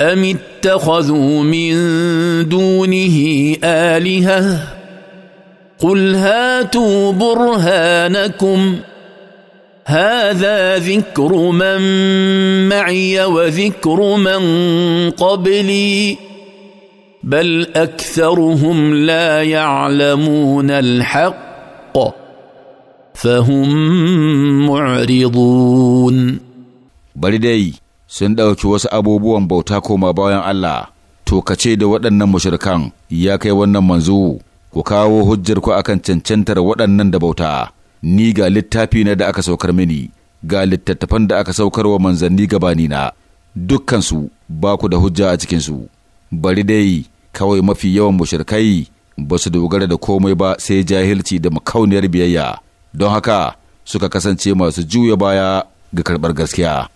أم اتخذوا من دونه آلهة قل هاتوا برهانكم هذا ذكر من معي وذكر من قبلي بل أكثرهم لا يعلمون الحق فهم معرضون دي sun ɗauki wasu abubuwan bauta koma bayan Allah, to ka ce da waɗannan mushrikan ya kai wannan manzo, ku kawo hujjar ku akan cancantar waɗannan da bauta, ni ga littafi na da aka saukar mini, ga littattafan da aka saukar wa manzanni gabanina, dukkansu ba ku da hujja a cikinsu, bari dai kawai mafi yawan mushrikai ba su dogara da komai ba sai jahilci da makauniyar biyayya, don haka suka kasance masu juya baya ga karɓar gaskiya.